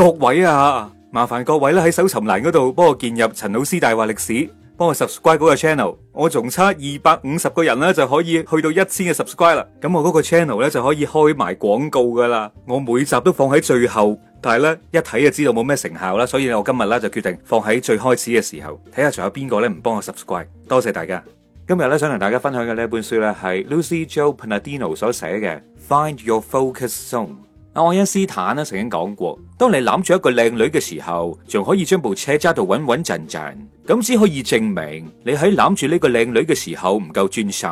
各位啊，麻煩各位咧，喺搜尋欄嗰度幫我建入陳老 C 大話歷史，幫我 subscribe 嗰個 channel。我仲差二百五十個人咧就可以去到一千嘅 subscribe 啦，咁我嗰個 channel 咧就可以開埋廣告噶啦。我每集都放喺最後，但係咧一睇就知道冇咩成效啦，所以我今日咧就決定放喺最開始嘅時候，睇下仲有邊個咧唔幫我 subscribe。多謝大家。今日咧想同大家分享嘅呢一本書咧係 Lucy Jo Palladino 所寫嘅《Find Your Focus Zone》。阿愛因斯坦呢曾經講過，當你攬住一個靚女嘅時候，仲可以將部車揸到穩穩陣陣，咁只可以證明你喺攬住呢個靚女嘅時候唔夠專心。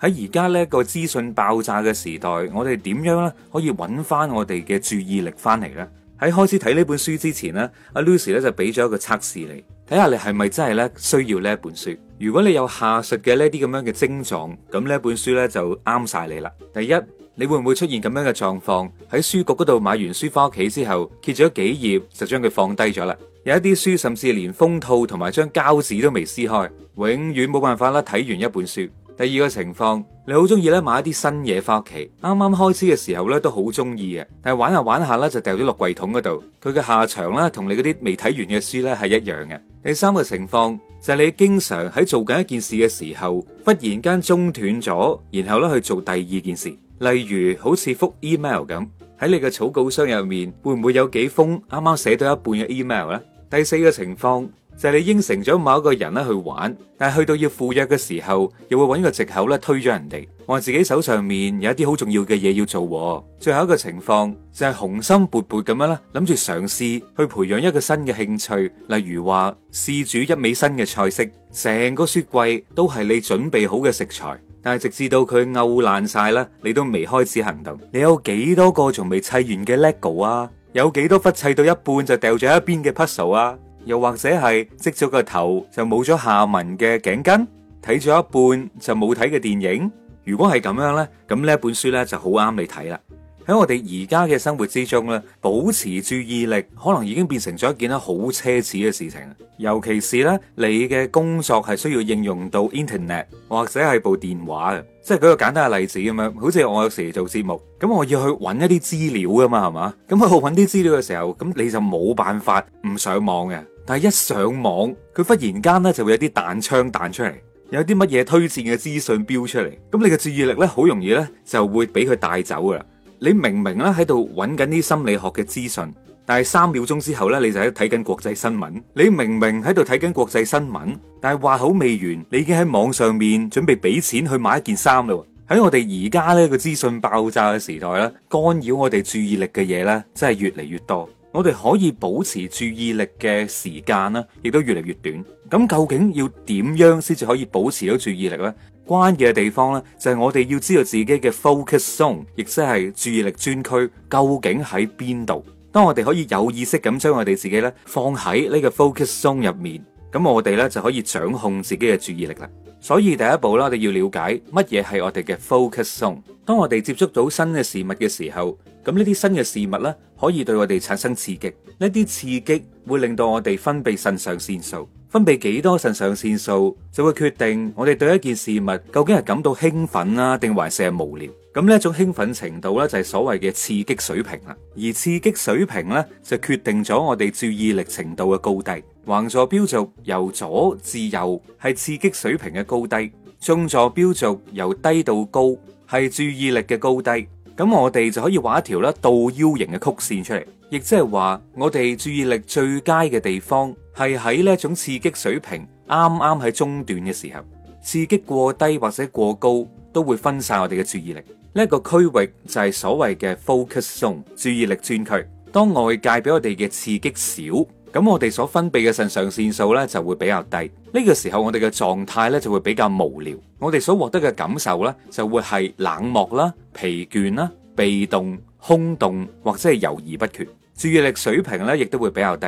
喺而家呢一個資訊爆炸嘅時代，我哋點樣呢可以揾翻我哋嘅注意力翻嚟呢？喺開始睇呢本書之前呢，阿 Lucy 呢就俾咗一個測試看看你，睇下你係咪真係咧需要呢一本書。如果你有下述嘅呢啲咁樣嘅症狀，咁呢本書咧就啱晒你啦。第一。你會唔會出現咁樣嘅狀況？喺書局嗰度買完書翻屋企之後，揭咗幾頁就將佢放低咗啦。有一啲書，甚至連封套同埋張膠紙都未撕開，永遠冇辦法啦，睇完一本書。第二個情況，你好中意咧買一啲新嘢翻屋企，啱啱開始嘅時候咧都好中意嘅，但係玩下玩下咧就掉咗落櫃桶嗰度。佢嘅下場咧同你嗰啲未睇完嘅書咧係一樣嘅。第三個情況就係你經常喺做緊一件事嘅時候，忽然間中斷咗，然後咧去做第二件事。例如好似複 email 咁，喺你嘅草稿箱入面會唔會有幾封啱啱寫到一半嘅 email 呢？第四個情況就係你應承咗某一個人咧去玩，但係去到要赴約嘅時候，又會揾個藉口咧推咗人哋，話自己手上面有一啲好重要嘅嘢要做。最後一個情況就係雄心勃勃咁樣啦，諗住嘗試去培養一個新嘅興趣，例如話試煮一味新嘅菜式，成個雪櫃都係你準備好嘅食材。但係直至到佢拗爛晒啦，你都未開始行動。你有幾多個仲未砌完嘅 LEGO 啊？有幾多忽砌到一半就掉咗一邊嘅 puzzle 啊？又或者係積咗個頭就冇咗下文嘅頸巾？睇咗一半就冇睇嘅電影？如果係咁樣呢，咁呢本書呢就好啱你睇啦。喺我哋而家嘅生活之中咧，保持注意力可能已經變成咗一件咧好奢侈嘅事情。尤其是咧，你嘅工作係需要應用到 Internet 或者係部電話嘅，即係舉個簡單嘅例子咁樣。好似我有時做節目，咁我要去揾一啲資料噶嘛，係嘛？咁我揾啲資料嘅時候，咁你就冇辦法唔上網嘅。但係一上網，佢忽然間咧就會有啲彈窗彈出嚟，有啲乜嘢推薦嘅資訊飆出嚟，咁你嘅注意力咧好容易咧就會俾佢帶走噶啦。你明明咧喺度揾緊啲心理學嘅資訊，但係三秒鐘之後呢，你就喺度睇緊國際新聞。你明明喺度睇緊國際新聞，但係話好未完，你已經喺網上面準備俾錢去買一件衫啦。喺我哋而家呢個資訊爆炸嘅時代呢，干擾我哋注意力嘅嘢呢，真係越嚟越多。我哋可以保持注意力嘅時間呢，亦都越嚟越短。咁究竟要點樣先至可以保持到注意力呢？關鍵嘅地方咧，就係我哋要知道自己嘅 focus zone，亦即係注意力專區，究竟喺邊度？當我哋可以有意識咁將我哋自己咧放喺呢個 focus zone 入面，咁我哋咧就可以掌控自己嘅注意力啦。所以第一步啦，我哋要了解乜嘢係我哋嘅 focus zone。當我哋接觸到新嘅事物嘅時候，咁呢啲新嘅事物咧可以對我哋產生刺激，呢啲刺激會令到我哋分泌腎上腺素。分泌幾多腎上腺素，就會決定我哋對一件事物究竟係感到興奮呀，定還是係無聊？咁呢一種興奮程度咧，就係所謂嘅刺激水平啦。而刺激水平咧，就決定咗我哋注意力程度嘅高低。橫坐標軸由左至右係刺激水平嘅高低，縱坐標軸由低到高係注意力嘅高低。咁我哋就可以畫一條咧倒 U 型嘅曲線出嚟，亦即係話我哋注意力最佳嘅地方係喺呢一種刺激水平啱啱喺中段嘅時候，刺激過低或者過高都會分散我哋嘅注意力。呢、這、一個區域就係所謂嘅 focus zone，注意力專區。當外界俾我哋嘅刺激少。咁我哋所分泌嘅腎上腺素咧就會比較低，呢個時候我哋嘅狀態咧就會比較無聊，我哋所獲得嘅感受咧就會係冷漠啦、疲倦啦、被動、空洞或者係猶豫不決，注意力水平咧亦都會比較低。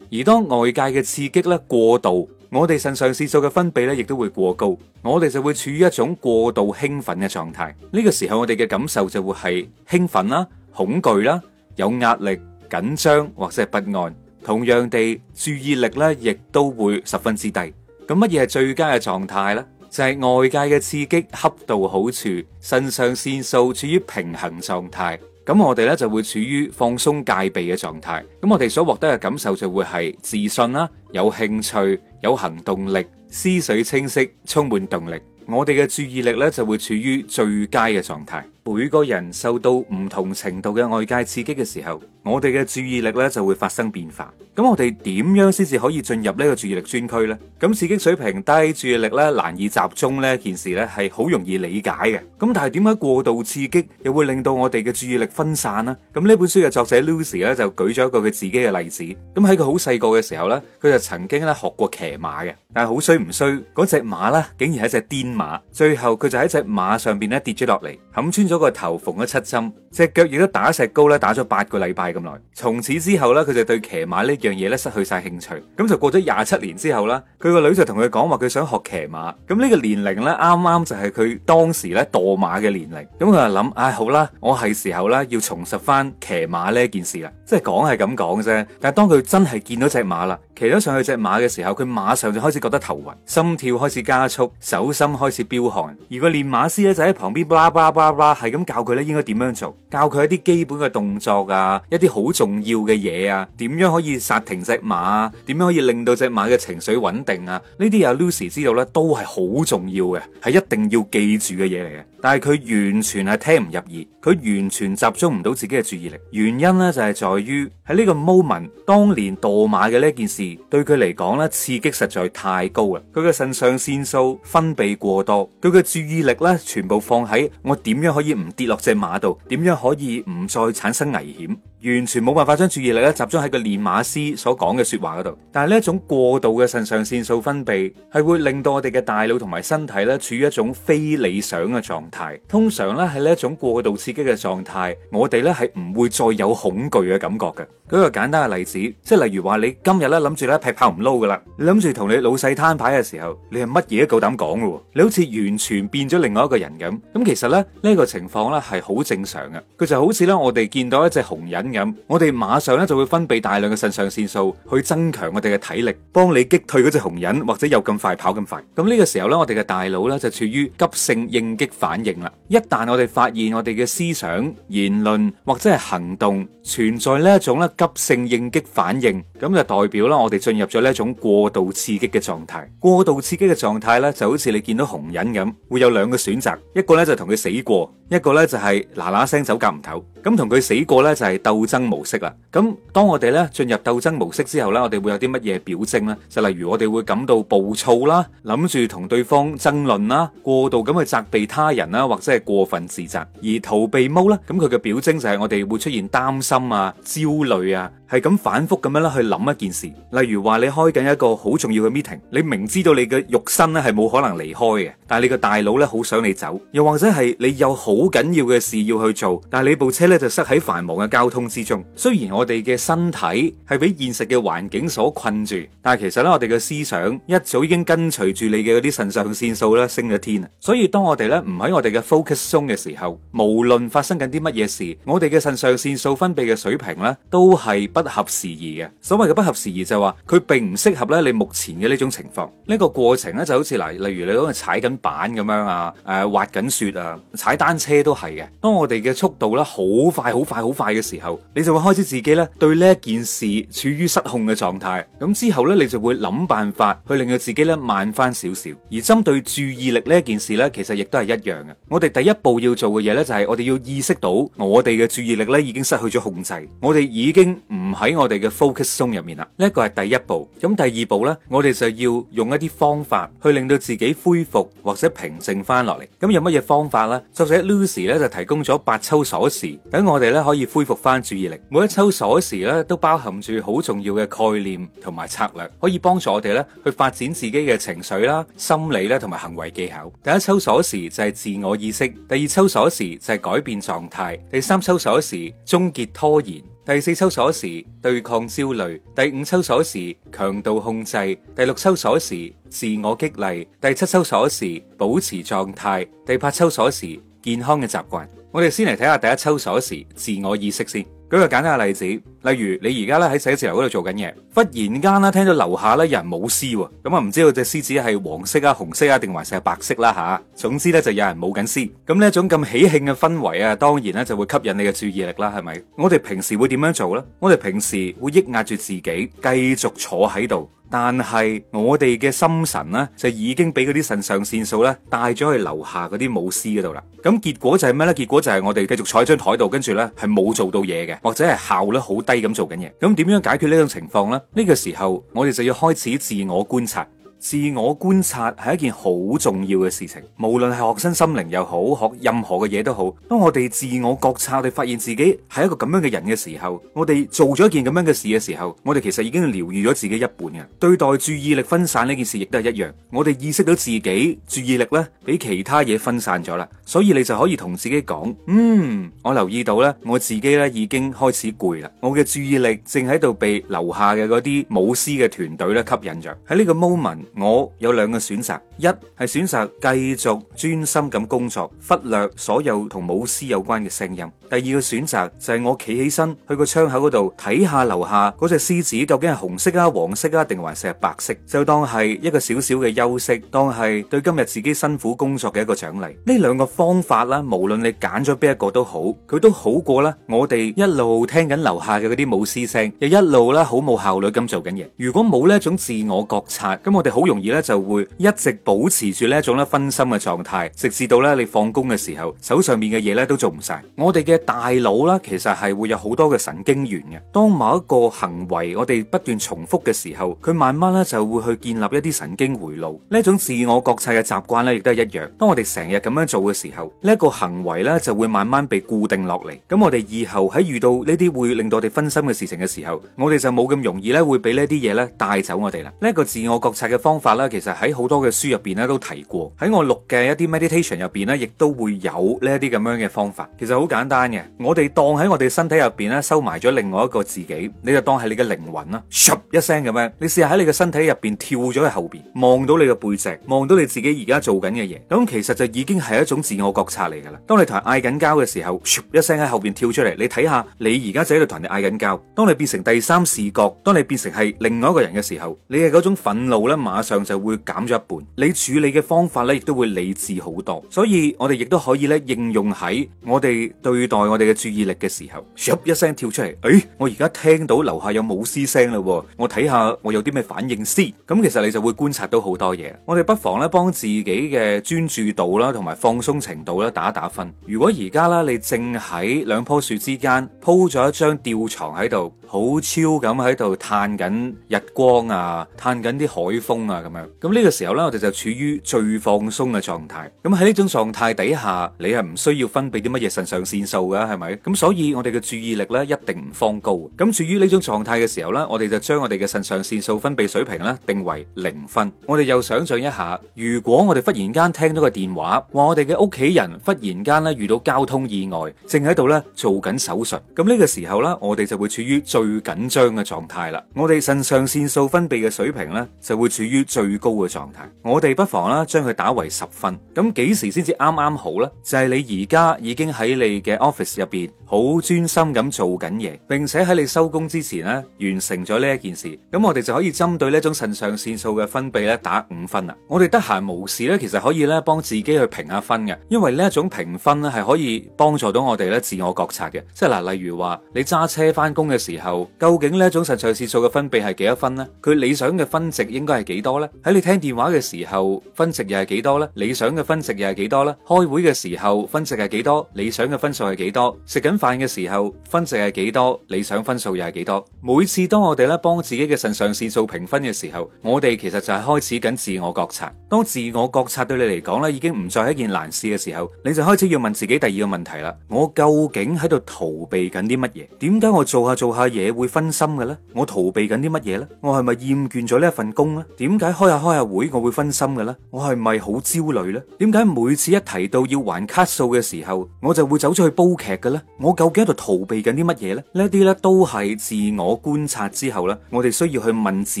而當外界嘅刺激咧過度，我哋腎上腺素嘅分泌咧亦都會過高，我哋就會處於一種過度興奮嘅狀態。呢個時候我哋嘅感受就會係興奮啦、恐懼啦、有壓力、緊張或者係不安。同樣地，注意力咧亦都會十分之低。咁乜嘢係最佳嘅狀態呢？就係外界嘅刺激恰到好處，腎上腺素處於平衡狀態。咁我哋咧就會處於放鬆戒備嘅狀態。咁我哋所獲得嘅感受就會係自信啦，有興趣，有行動力，思緒清晰，充滿動力。我哋嘅注意力咧就會處於最佳嘅狀態。每個人受到唔同程度嘅外界刺激嘅時候，我哋嘅注意力咧就會發生變化。咁我哋點樣先至可以進入呢個注意力專區呢？咁刺激水平低，注意力咧難以集中呢件事咧係好容易理解嘅。咁但係點解過度刺激又會令到我哋嘅注意力分散呢？咁呢本書嘅作者 Lucy 咧就舉咗一個佢自己嘅例子。咁喺佢好細個嘅時候咧，佢就曾經咧學過騎馬嘅，但係好衰唔衰，嗰隻馬咧竟然係隻癲馬，最後佢就喺隻馬上邊咧跌咗落嚟，冚穿咗。個頭縫咗七針，隻腳亦都打石膏咧，打咗八個禮拜咁耐。從此之後咧，佢就對騎馬呢樣嘢咧失去晒興趣。咁就過咗廿七年之後啦，佢個女就同佢講話，佢想學騎馬。咁呢個年齡咧，啱啱就係佢當時咧墮馬嘅年齡。咁佢就諗：唉、哎，好啦，我係時候啦，要重拾翻騎馬呢一件事啦。即係講係咁講啫，但係當佢真係見到隻馬啦，騎咗上去隻馬嘅時候，佢馬上就開始覺得頭暈，心跳開始加速，手心開始飆汗。而個練馬師咧就喺旁邊叭叭叭叭。Blah blah blah blah 係咁教佢咧，應該點樣做？教佢一啲基本嘅動作啊，一啲好重要嘅嘢啊，點樣可以煞停隻馬？點樣可以令到隻馬嘅情緒穩定啊？呢啲阿、啊、Lucy 知道咧，都係好重要嘅，係一定要記住嘅嘢嚟嘅。但係佢完全係聽唔入耳，佢完全集中唔到自己嘅注意力。原因呢就係在於喺呢個 moment，當年墮馬嘅呢件事，對佢嚟講咧刺激實在太高啦。佢嘅腎上腺素分泌過多，佢嘅注意力呢全部放喺我點樣可以。唔跌落隻馬度，點樣可以唔再產生危險？完全冇辦法將注意力咧集中喺個練馬師所講嘅說話嗰度，但係呢一種過度嘅腎上腺素分泌係會令到我哋嘅大腦同埋身體咧處於一種非理想嘅狀態。通常咧係呢一種過度刺激嘅狀態，我哋咧係唔會再有恐懼嘅感覺嘅。舉個簡單嘅例子，即係例如話你今日咧諗住咧劈炮唔撈噶啦，你諗住同你老細攤牌嘅時候，你係乜嘢都夠膽講噶，你好似完全變咗另外一個人咁。咁其實咧呢，呢個情況咧係好正常嘅，佢就好似咧我哋見到一隻熊人。我哋馬上咧就會分泌大量嘅腎上腺素去增強我哋嘅體力，幫你擊退嗰隻熊人，或者有咁快跑咁快。咁呢個時候呢，我哋嘅大腦呢就處於急性應激反應啦。一旦我哋發現我哋嘅思想、言論或者係行動存在呢一種咧急性應激反應，咁就代表啦我哋進入咗呢一種過度刺激嘅狀態。過度刺激嘅狀態呢就好似你見到熊人咁，會有兩個選擇，一個呢就同佢死過。一個咧就係嗱嗱聲走夾唔唞，咁同佢死過咧就係鬥爭模式啦。咁當我哋咧進入鬥爭模式之後咧，我哋會有啲乜嘢表徵咧？就例如我哋會感到暴躁啦，諗住同對方爭論啦，過度咁去責備他人啦，或者係過分自責而逃避踎啦。咁佢嘅表徵就係我哋會出現擔心啊、焦慮啊，係咁反復咁樣咧去諗一件事。例如話你開緊一個好重要嘅 meeting，你明知道你嘅肉身咧係冇可能離開嘅，但係你個大腦咧好想你走，又或者係你有好。好緊要嘅事要去做，但係你部車咧就塞喺繁忙嘅交通之中。雖然我哋嘅身體係俾現實嘅環境所困住，但係其實咧我哋嘅思想一早已經跟隨住你嘅嗰啲腎上腺素咧升咗天啊！所以當我哋咧唔喺我哋嘅 focus 中嘅時候，無論發生緊啲乜嘢事，我哋嘅腎上腺素分泌嘅水平咧都係不合時宜嘅。所謂嘅不合時宜就係話，佢並唔適合咧你目前嘅呢種情況。呢個過程咧就好似嗱，例如你嗰度踩緊板咁樣啊，誒、呃、滑緊雪啊，踩單車。車都係嘅，當我哋嘅速度咧好快、好快、好快嘅時候，你就會開始自己咧對呢一件事處於失控嘅狀態。咁之後呢，你就會諗辦法去令到自己咧慢翻少少。而針對注意力呢件事呢，其實亦都係一樣嘅。我哋第一步要做嘅嘢呢，就係我哋要意識到我哋嘅注意力咧已經失去咗控制，我哋已經唔喺我哋嘅 focus zone 入面啦。呢一個係第一步。咁第二步呢，我哋就要用一啲方法去令到自己恢復或者平靜翻落嚟。咁有乜嘢方法呢？就是當時咧就提供咗八抽鎖匙，等我哋咧可以恢復翻注意力。每一抽鎖匙咧都包含住好重要嘅概念同埋策略，可以幫助我哋咧去發展自己嘅情緒啦、心理啦同埋行為技巧。第一抽鎖匙就係自我意識，第二抽鎖匙就係改變狀態，第三抽鎖匙終結拖延，第四抽鎖匙對抗焦慮，第五抽鎖匙強度控制，第六抽鎖匙自我激勵，第七抽鎖匙保持狀態，第八抽鎖匙。健康嘅習慣，我哋先嚟睇下第一抽鎖匙自我意識先。舉個簡單嘅例子，例如你而家咧喺寫字樓嗰度做緊嘢，忽然間咧聽到樓下咧有人舞獅，咁啊唔知道隻獅子係黃色啊、紅色啊，定還是係白色啦吓、啊。總之咧就有人舞緊獅，咁呢一種咁喜慶嘅氛圍啊，當然咧就會吸引你嘅注意力啦，係咪？我哋平時會點樣做呢？我哋平時會抑壓住自己，繼續坐喺度。但係我哋嘅心神呢，就已經俾嗰啲腎上腺素呢帶咗去樓下嗰啲舞獅嗰度啦。咁結果就係咩呢？結果就係我哋繼續坐喺張台度，跟住呢係冇做到嘢嘅，或者係效率好低咁做緊嘢。咁點樣解決呢種情況呢？呢個時候我哋就要開始自我觀察。自我觀察係一件好重要嘅事情，無論係學生心靈又好，學任何嘅嘢都好。當我哋自我覺察，我哋發現自己係一個咁樣嘅人嘅時候，我哋做咗一件咁樣嘅事嘅時候，我哋其實已經療癒咗自己一半嘅。對待注意力分散呢件事亦都係一樣，我哋意識到自己注意力咧俾其他嘢分散咗啦，所以你就可以同自己講：嗯，我留意到咧，我自己咧已經開始攰啦，我嘅注意力正喺度被樓下嘅嗰啲舞獅嘅團隊咧吸引着。喺呢個 moment。我有兩個選擇，一係選擇繼續專心咁工作，忽略所有同舞獅有關嘅聲音；第二個選擇就係、是、我企起身去個窗口嗰度睇下樓下嗰隻獅子究竟係紅色啊、黃色啊，定還是係白色？就當係一個小小嘅休息，當係對今日自己辛苦工作嘅一個獎勵。呢兩個方法啦，無論你揀咗邊一個都好，佢都好過啦。我哋一路聽緊樓下嘅嗰啲舞獅聲，又一路咧好冇效率咁做緊嘢。如果冇呢一種自我覺察，咁我哋好容易咧，就會一直保持住呢一種咧分心嘅狀態，直至到咧你放工嘅時候，手上面嘅嘢咧都做唔晒。我哋嘅大腦啦，其實係會有好多嘅神經元嘅。當某一個行為我哋不斷重複嘅時候，佢慢慢咧就會去建立一啲神經回路。呢一種自我覺察嘅習慣咧，亦都係一樣。當我哋成日咁樣做嘅時候，呢一個行為咧就會慢慢被固定落嚟。咁我哋以後喺遇到呢啲會令到我哋分心嘅事情嘅時候，我哋就冇咁容易咧會俾呢啲嘢咧帶走我哋啦。呢一個自我覺察嘅方法啦，其實喺好多嘅書入邊咧都提過，喺我錄嘅一啲 meditation 入邊咧，亦都會有呢一啲咁樣嘅方法。其實好簡單嘅，我哋當喺我哋身體入邊咧收埋咗另外一個自己，你就當係你嘅靈魂啦。咻一聲咁樣，你試下喺你嘅身體入邊跳咗喺後邊，望到你嘅背脊，望到你自己而家做緊嘅嘢。咁其實就已經係一種自我覺察嚟噶啦。當你同人嗌緊交嘅時候，咻一聲喺後邊跳出嚟，你睇下你而家就喺度同人哋嗌緊交。當你變成第三視角，當你變成係另外一個人嘅時候，你嘅嗰種憤怒咧，馬上就會減咗一半，你處理嘅方法咧，亦都會理智好多。所以我哋亦都可以咧應用喺我哋對待我哋嘅注意力嘅時候，咻一聲跳出嚟，誒、哎，我而家聽到樓下有舞獅聲啦，我睇下我有啲咩反應先。咁、嗯、其實你就會觀察到好多嘢。我哋不妨咧幫自己嘅專注度啦，同埋放鬆程度咧打一打分。如果而家咧你正喺兩棵樹之間鋪咗一張吊床喺度。好超咁喺度嘆緊日光啊，嘆緊啲海風啊，咁樣咁呢個時候呢，我哋就處於最放鬆嘅狀態。咁喺呢種狀態底下，你係唔需要分泌啲乜嘢腎上腺素㗎，係咪？咁所以，我哋嘅注意力呢，一定唔放高。咁處於呢種狀態嘅時候呢，我哋就將我哋嘅腎上腺素分泌水平呢定為零分。我哋又想象一下，如果我哋忽然間聽到個電話，話我哋嘅屋企人忽然間咧遇到交通意外，正喺度呢做緊手術。咁呢個時候呢，我哋就會處於最緊張嘅狀態啦，我哋腎上腺素分泌嘅水平呢，就會處於最高嘅狀態。我哋不妨啦，將佢打為十分。咁幾時先至啱啱好呢？就係你而家已經喺你嘅 office 入邊，好專心咁做緊嘢，並且喺你收工之前呢，完成咗呢一件事。咁我哋就可以針對呢一種腎上腺素嘅分泌呢，打五分啦。我哋得閒無事呢，其實可以呢，幫自己去評下分嘅，因為呢一種評分呢，係可以幫助到我哋呢自我覺察嘅。即係嗱，例如話你揸車翻工嘅時候。究竟呢一種腎上腺素嘅分泌係幾多分呢？佢理想嘅分值應該係幾多呢？喺你聽電話嘅時候，分值又係幾多呢？理想嘅分值又係幾多呢？開會嘅時候，分值係幾多？理想嘅分數係幾多？食緊飯嘅時候，分值係幾多？理想分數又係幾多？每次當我哋咧幫自己嘅腎上腺素評分嘅時候，我哋其實就係開始緊自我覺察。當自我覺察對你嚟講咧已經唔再係一件難事嘅時候，你就開始要問自己第二個問題啦：我究竟喺度逃避緊啲乜嘢？點解我做下做下？嘢會分心嘅咧？我逃避緊啲乜嘢呢？我係咪厭倦咗呢份工呢？點解開下開下會我會分心嘅咧？我係咪好焦慮呢？點解每次一提到要還卡數嘅時候，我就會走出去煲劇嘅咧？我究竟喺度逃避緊啲乜嘢呢？呢啲呢都係自我觀察之後呢，我哋需要去問自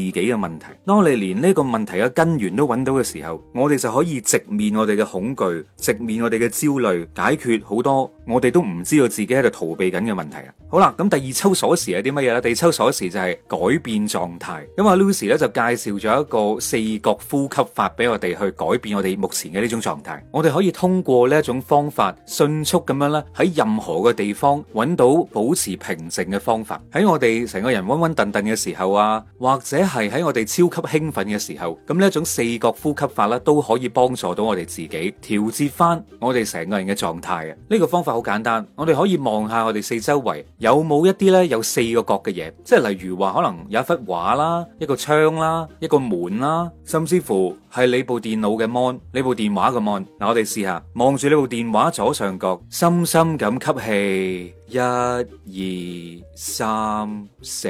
己嘅問題。當你連呢個問題嘅根源都揾到嘅時候，我哋就可以直面我哋嘅恐懼，直面我哋嘅焦慮，解決好多我哋都唔知道自己喺度逃避緊嘅問題啊！好啦，咁第二抽鎖匙係啲乜嘢呢？第二抽鎖匙就係改變狀態。咁阿、啊、Lucy 咧就介紹咗一個四角呼吸法俾我哋去改變我哋目前嘅呢種狀態。我哋可以通過呢一種方法，迅速咁樣咧喺任何嘅地方揾到保持平靜嘅方法。喺我哋成個人溫溫頓頓嘅時候啊，或者係喺我哋超級興奮嘅時候，咁呢一種四角呼吸法咧都可以幫助到我哋自己調節翻我哋成個人嘅狀態嘅。呢、這個方法好簡單，我哋可以望下我哋四周圍。有冇一啲咧有四個角嘅嘢？即係例如話可能有一幅畫啦、一個窗啦、一個門啦，甚至乎係你部電腦嘅 mon，你部電話嘅 mon。嗱，我哋試下望住呢部電話左上角，深深咁吸氣，一二三四，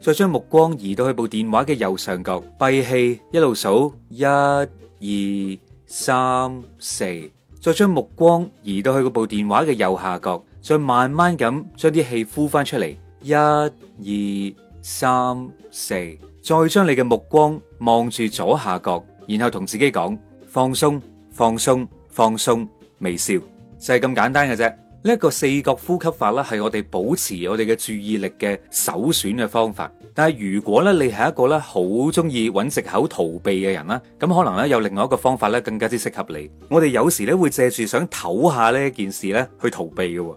再將目光移到去部電話嘅右上角，閉氣一路數一二三四，再將目光移到去部電話嘅右下角。再慢慢咁將啲氣呼翻出嚟，一、二、三、四，再將你嘅目光望住左下角，然後同自己講放鬆、放鬆、放鬆，微笑就係咁簡單嘅啫。呢一個四角呼吸法咧，係我哋保持我哋嘅注意力嘅首選嘅方法。但係如果咧你係一個咧好中意揾藉口逃避嘅人啦，咁可能咧有另外一個方法咧更加之適合你。我哋有時咧會借住想唞下呢件事咧去逃避嘅。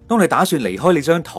當你打算離開你張台，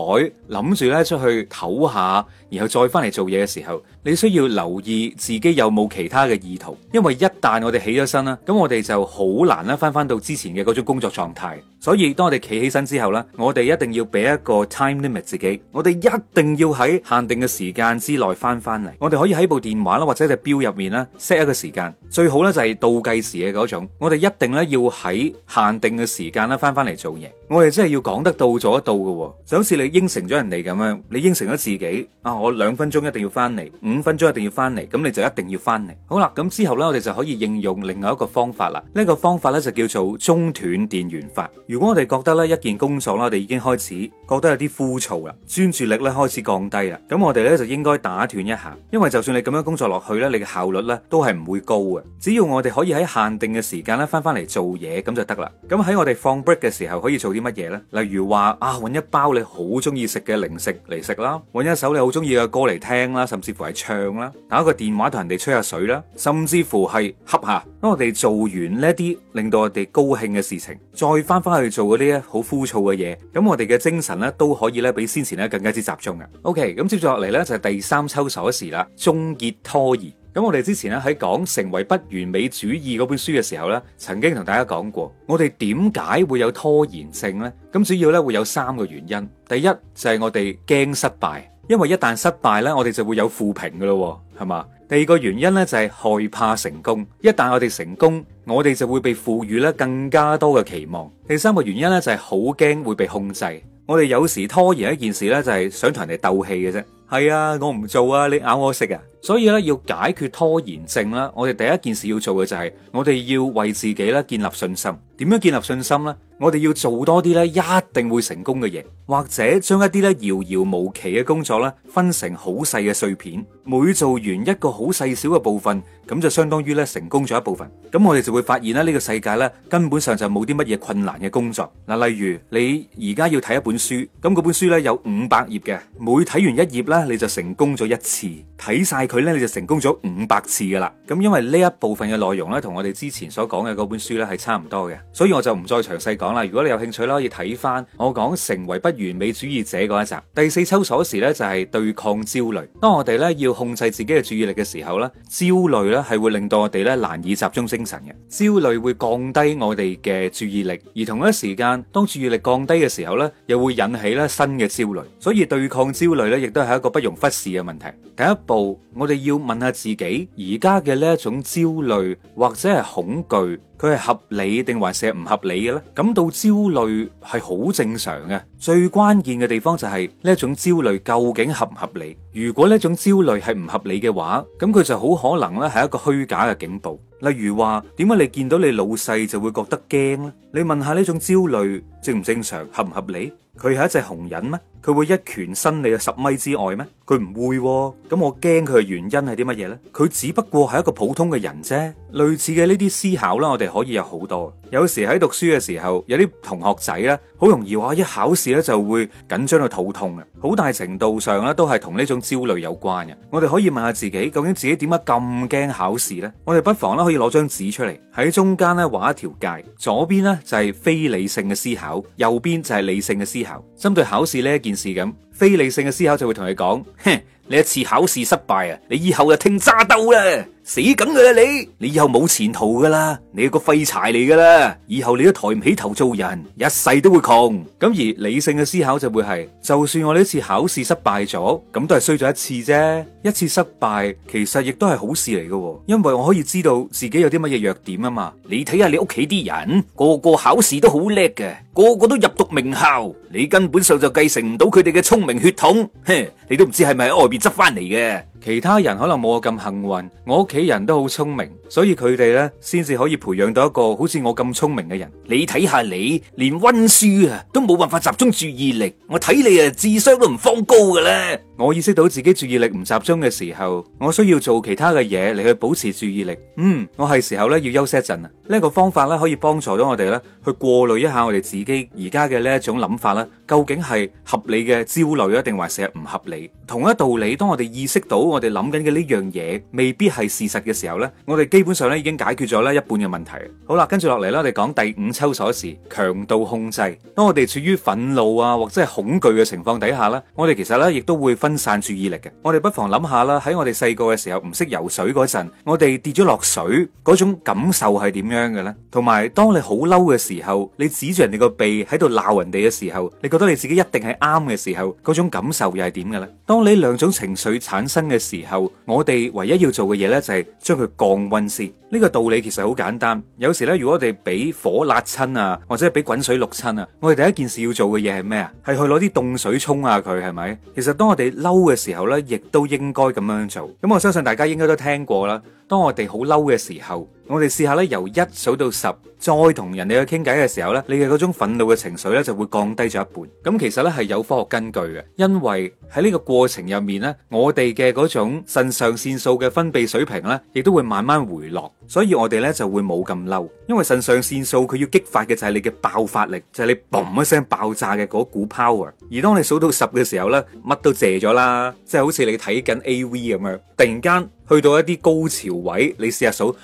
諗住咧出去唞下，然後再翻嚟做嘢嘅時候，你需要留意自己有冇其他嘅意圖。因為一旦我哋起咗身啦，咁我哋就好難咧翻翻到之前嘅嗰種工作狀態。所以當我哋企起身之後咧，我哋一定要俾一個 time limit 自己，我哋一定要喺限定嘅時間之內翻翻嚟。我哋可以喺部電話啦或者隻表入面啦 set 一個時間，最好咧就係倒計時嘅嗰種。我哋一定咧要喺限定嘅時間咧翻翻嚟做嘢。我哋真係要講得到做得到嘅喎，就好似你應承咗人哋咁樣，你應承咗自己啊，我兩分鐘一定要翻嚟，五分鐘一定要翻嚟，咁你就一定要翻嚟。好啦，咁之後呢，我哋就可以應用另外一個方法啦。呢個方法呢，就叫做中斷電源法。如果我哋覺得呢一件工作啦，我哋已經開始覺得有啲枯燥啦，專注力咧開始降低啦，咁我哋呢，就應該打斷一下，因為就算你咁樣工作落去呢，你嘅效率呢，都係唔會高嘅。只要我哋可以喺限定嘅時間呢，翻翻嚟做嘢，咁就得啦。咁喺我哋放 break 嘅時候，可以做啲。乜嘢咧？例如話啊，搵一包你好中意食嘅零食嚟食啦，搵一首你好中意嘅歌嚟聽啦，甚至乎係唱啦，打一個電話同人哋吹下水啦，甚至乎係恰下。咁我哋做完呢啲令到我哋高興嘅事情，再翻翻去做嗰啲好枯燥嘅嘢，咁我哋嘅精神咧都可以咧比先前咧更加之集中嘅。OK，咁接住落嚟咧就係第三抽鎖匙啦，終結拖延。咁我哋之前咧喺講成為不完美主義嗰本書嘅時候咧，曾經同大家講過，我哋點解會有拖延性呢？咁主要咧會有三個原因。第一就係我哋驚失敗，因為一旦失敗呢，我哋就會有負評噶咯，係嘛？第二個原因呢，就係害怕成功，一旦我哋成功，我哋就會被賦予咧更加多嘅期望。第三個原因呢，就係好驚會被控制，我哋有時拖延一件事呢，就係想同人哋鬥氣嘅啫。係啊，我唔做啊，你咬我食啊！所以咧，要解決拖延症啦，我哋第一件事要做嘅就係，我哋要為自己咧建立信心。點樣建立信心咧？我哋要做多啲咧一定會成功嘅嘢，或者將一啲咧遙遙無期嘅工作咧分成好細嘅碎片，每做完一個好細小嘅部分，咁就相當於咧成功咗一部分。咁我哋就會發現咧，呢個世界咧根本上就冇啲乜嘢困難嘅工作。嗱，例如你而家要睇一本書，咁嗰本書咧有五百頁嘅，每睇完一頁咧。你就成功咗一次，睇晒佢呢，你就成功咗五百次噶啦。咁因為呢一部分嘅內容呢，同我哋之前所講嘅嗰本書呢，係差唔多嘅，所以我就唔再詳細講啦。如果你有興趣啦，可以睇翻我講成為不完美主義者嗰一集。第四抽鎖匙呢，就係對抗焦慮。當我哋呢要控制自己嘅注意力嘅時候呢，焦慮呢，係會令到我哋呢難以集中精神嘅。焦慮會降低我哋嘅注意力，而同一時間，當注意力降低嘅時候呢，又會引起呢新嘅焦慮。所以對抗焦慮呢，亦都係一個。不容忽視嘅問題。第一步，我哋要問下自己，而家嘅呢一種焦慮或者係恐懼，佢係合理定還是唔合理嘅咧？感到焦慮係好正常嘅，最關鍵嘅地方就係呢一種焦慮究竟合唔合理？如果呢種焦慮係唔合理嘅話，咁佢就好可能咧係一個虛假嘅警報。例如話，點解你見到你老細就會覺得驚咧？你問下呢種焦慮正唔正常，合唔合理？佢係一隻熊人咩？佢會一拳伸你十米之外咩？佢唔會，啊，咁我驚佢嘅原因係啲乜嘢咧？佢只不過係一個普通嘅人啫。類似嘅呢啲思考啦，我哋可以有好多。有時喺讀書嘅時候，有啲同學仔咧，好容易話一考試咧就會緊張到肚痛嘅，好大程度上咧都係同呢種焦慮有關嘅。我哋可以問下自己，究竟自己點解咁驚考試呢？我哋不妨咧可以攞張紙出嚟，喺中間咧畫一條界，左邊呢，就係非理性嘅思考，右邊就係理性嘅思考。針對考試呢一件事咁。非理性嘅思考就會同你講，哼，你一次考試失敗啊，你以後就聽揸兜啦，死梗噶啦你，你以後冇前途噶啦。你個廢柴嚟噶啦，以後你都抬唔起頭做人，一世都會窮。咁而理性嘅思考就會係，就算我呢次考試失敗咗，咁都係衰咗一次啫。一次失敗其實亦都係好事嚟嘅，哦，因為我可以知道自己有啲乜嘢弱點啊嘛。你睇下你屋企啲人，個個考試都好叻嘅，個個都入讀名校，你根本上就繼承唔到佢哋嘅聰明血統。哼，你都唔知係咪喺外邊執翻嚟嘅。其他人可能冇我咁幸運，我屋企人都好聰明，所以佢哋呢先至可以培養到一個好似我咁聰明嘅人。你睇下你，連溫書啊，都冇辦法集中注意力，我睇你啊，智商都唔放高嘅咧。我意識到自己注意力唔集中嘅時候，我需要做其他嘅嘢嚟去保持注意力。嗯，我係時候咧要休息一陣啊！呢一個方法咧可以幫助到我哋咧去過濾一下我哋自己而家嘅呢一種諗法啦。究竟係合理嘅焦慮啊，定還是唔合理？同一道理，當我哋意識到我哋諗緊嘅呢樣嘢未必係事實嘅時候咧，我哋基本上咧已經解決咗咧一半嘅問題。好啦，跟住落嚟咧，我哋講第五抽鎖匙，強度控制。當我哋處於憤怒啊或者係恐懼嘅情況底下咧，我哋其實咧亦都會分。分散注意力嘅，我哋不妨諗下啦。喺我哋細個嘅時候，唔識游水嗰陣，我哋跌咗落水嗰種感受係點樣嘅咧？同埋，當你好嬲嘅時候，你指住人哋個鼻喺度鬧人哋嘅時候，你覺得你自己一定係啱嘅時候，嗰種感受又係點嘅咧？當你兩種情緒產生嘅時候，我哋唯一要做嘅嘢咧，就係將佢降溫先。呢個道理其實好簡單。有時咧，如果我哋俾火焫親啊，或者係俾滾水淥親啊，我哋第一件事要做嘅嘢係咩啊？係去攞啲凍水沖下佢，係咪？其實當我哋。嬲嘅時候咧，亦都應該咁樣做。咁我相信大家應該都聽過啦。當我哋好嬲嘅時候。我哋試下咧，由一數到十，再同人哋去傾偈嘅時候咧，你嘅嗰種憤怒嘅情緒咧就會降低咗一半。咁其實咧係有科學根據嘅，因為喺呢個過程入面咧，我哋嘅嗰種腎上腺素嘅分泌水平咧，亦都會慢慢回落，所以我哋咧就會冇咁嬲。因為腎上腺素佢要激發嘅就係你嘅爆發力，就係你嘣一聲爆炸嘅嗰股 power。而當你數到十嘅時候咧，乜都謝咗啦，即係好似你睇緊 AV 咁樣，突然間去到一啲高潮位，你試下數。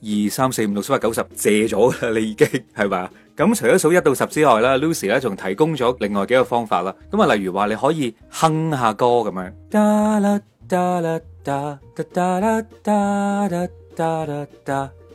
一、二、三、四、五、六、七、八、九十，借咗啦！你已經係咪？咁除咗數一到十之外啦，Lucy 咧仲提供咗另外幾個方法啦。咁啊，例如話你可以哼下歌咁樣，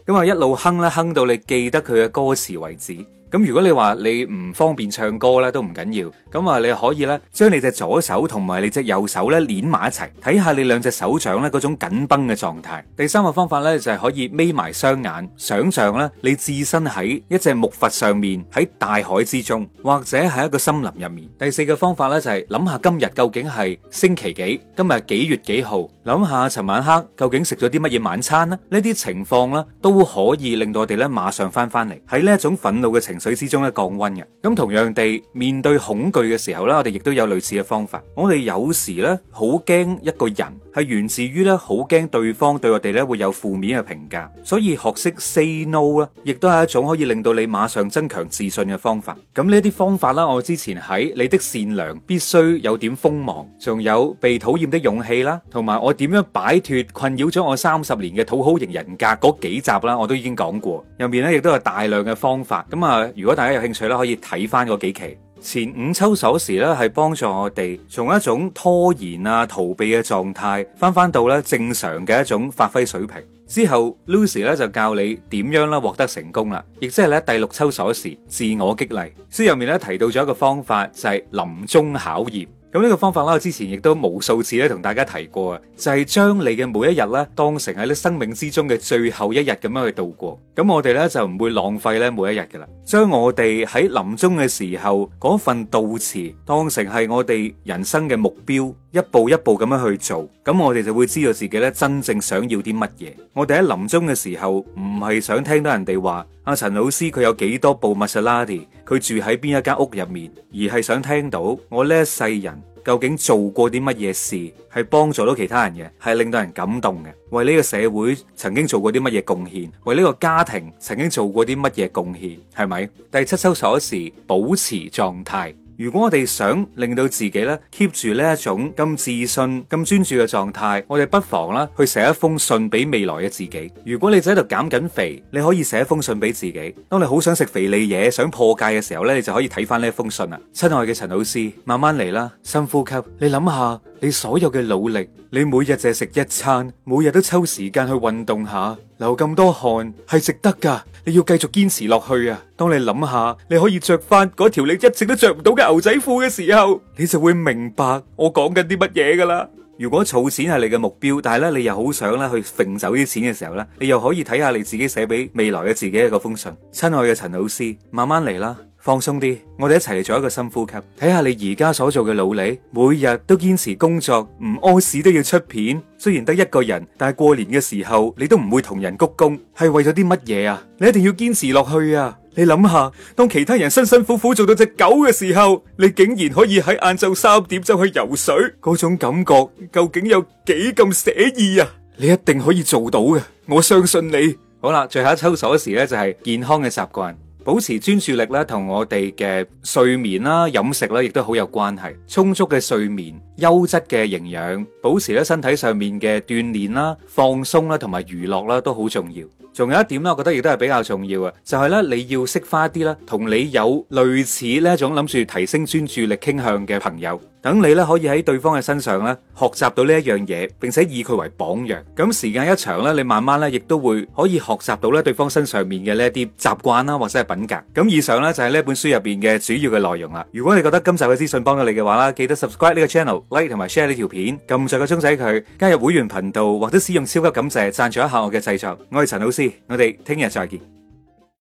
咁啊一路哼咧哼到你記得佢嘅歌詞為止。咁如果你話你唔方便唱歌咧，都唔緊要。咁啊，你可以咧將你隻左手同埋你隻右手咧連埋一齊，睇下你兩隻手掌咧嗰種緊繃嘅狀態。第三個方法咧就係可以眯埋雙眼，想象咧你置身喺一隻木筏上面，喺大海之中，或者喺一個森林入面。第四個方法咧就係諗下今日究竟係星期幾，今日幾月幾號，諗下尋晚黑究竟食咗啲乜嘢晚餐呢，呢啲情況呢都可以令到我哋咧馬上翻翻嚟喺呢一種憤怒嘅情。水之中咧降溫嘅，咁同樣地面對恐懼嘅時候咧，我哋亦都有類似嘅方法。我哋有時咧好驚一個人，係源自於咧好驚對方對我哋咧會有負面嘅評價，所以學識 say no 啦，亦都係一種可以令到你馬上增強自信嘅方法。咁呢一啲方法啦，我之前喺你的善良必須有點鋒芒，仲有被討厭的勇氣啦，同埋我點樣擺脫困擾咗我三十年嘅討好型人格嗰幾集啦，我都已經講過，入面咧亦都有大量嘅方法。咁啊～如果大家有興趣咧，可以睇翻嗰幾期。前五抽鎖匙咧，係幫助我哋從一種拖延啊、逃避嘅狀態，翻翻到咧正常嘅一種發揮水平。之後 Lucy 咧就教你點樣咧獲得成功啦，亦即係咧第六抽鎖匙自我激勵。書入面咧提到咗一個方法，就係臨終考驗。咁呢個方法咧，我之前亦都無數次咧同大家提過啊，就係將你嘅每一日咧當成喺你生命之中嘅最後一日咁樣去度過。咁我哋咧就唔會浪費咧每一日噶啦，將我哋喺臨終嘅時候嗰份悼詞當成係我哋人生嘅目標，一步一步咁樣去做。咁我哋就會知道自己咧真正想要啲乜嘢。我哋喺臨終嘅時候唔係想聽到人哋話。阿陳老師佢有幾多部瑪莎拉蒂？佢住喺邊一間屋入面？而係想聽到我呢一世人究竟做過啲乜嘢事，係幫助到其他人嘅，係令到人感動嘅。為呢個社會曾經做過啲乜嘢貢獻？為呢個家庭曾經做過啲乜嘢貢獻？係咪？第七週鎖匙，保持狀態。如果我哋想令到自己咧 keep 住呢一種咁自信，咁專注嘅狀態，我哋不妨啦去寫一封信俾未來嘅自己。如果你就喺度減緊肥，你可以寫一封信俾自己。當你好想食肥膩嘢，想破戒嘅時候咧，你就可以睇翻，呢一封信啦。親愛嘅陳老 C，慢慢嚟啦，深呼吸，你諗下。你所有嘅努力，你每日淨係食一餐，每日都抽時間去運動下，流咁多汗係值得噶。你要繼續堅持落去啊！當你諗下，你可以着翻嗰條你一直都着唔到嘅牛仔褲嘅時候，你就會明白我講緊啲乜嘢噶啦。如果儲錢係你嘅目標，但係咧你又好想咧去揈走啲錢嘅時候咧，你又可以睇下你自己寫俾未來嘅自己一個封信。親愛嘅陳老師，慢慢嚟啦。放鬆啲，我哋一齊嚟做一個深呼吸，睇下你而家所做嘅努力，每日都堅持工作，唔屙屎都要出片。雖然得一個人，但係過年嘅時候你都唔會同人鞠躬，係為咗啲乜嘢啊？你一定要堅持落去啊！你諗下，當其他人辛辛苦苦做到隻狗嘅時候，你竟然可以喺晏晝三點就去游水，嗰種感覺究竟有幾咁寫意啊？你一定可以做到嘅，我相信你。好啦，最後一抽鎖匙咧就係、是、健康嘅習慣。保持專注力咧，同我哋嘅睡眠啦、飲食啦，亦都好有關係。充足嘅睡眠、優質嘅營養、保持喺身體上面嘅鍛煉啦、放鬆啦，同埋娛樂啦，都好重要。仲有一點咧，我覺得亦都係比較重要嘅，就係咧，你要識花啲咧，同你有類似呢一種諗住提升專注力傾向嘅朋友，等你咧可以喺對方嘅身上咧學習到呢一樣嘢，並且以佢為榜樣。咁時間一長咧，你慢慢咧亦都會可以學習到咧對方身上面嘅呢一啲習慣啦，或者係品格。咁以上咧就係呢一本書入邊嘅主要嘅內容啦。如果你覺得今集嘅資訊幫到你嘅話啦，記得 subscribe 呢個 channel，like 同埋 share 呢條片，撳著個鐘仔佢，加入會員頻道或者使用超級感謝贊助一下我嘅製作。我係陳老 C。我哋聽日再見。